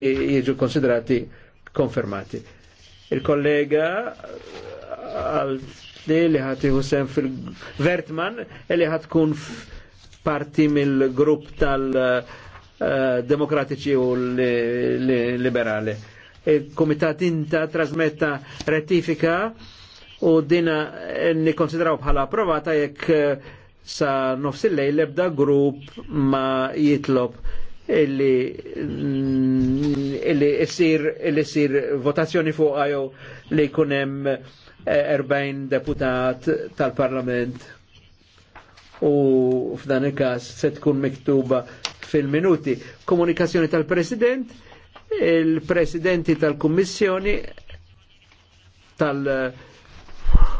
jiġu konsiderati konfermati. Il-kollega għalli li ħati Hussein fil-Vertman li ħat kun parti mill-grupp tal-demokratiċi u liberali. Il-komitat inta trasmetta rettifika u dina ni konsideraw bħala approvata jekk eh, sa nofs lejl lebda grupp ma jitlob illi illi issir illi issir votazzjoni fuq jew li kunem 40 eh, deputat tal-Parlament u f'dan il-każ se tkun miktuba fil-minuti. Komunikazzjoni tal-President, il-Presidenti tal-Kummissjoni tal-, -president, tal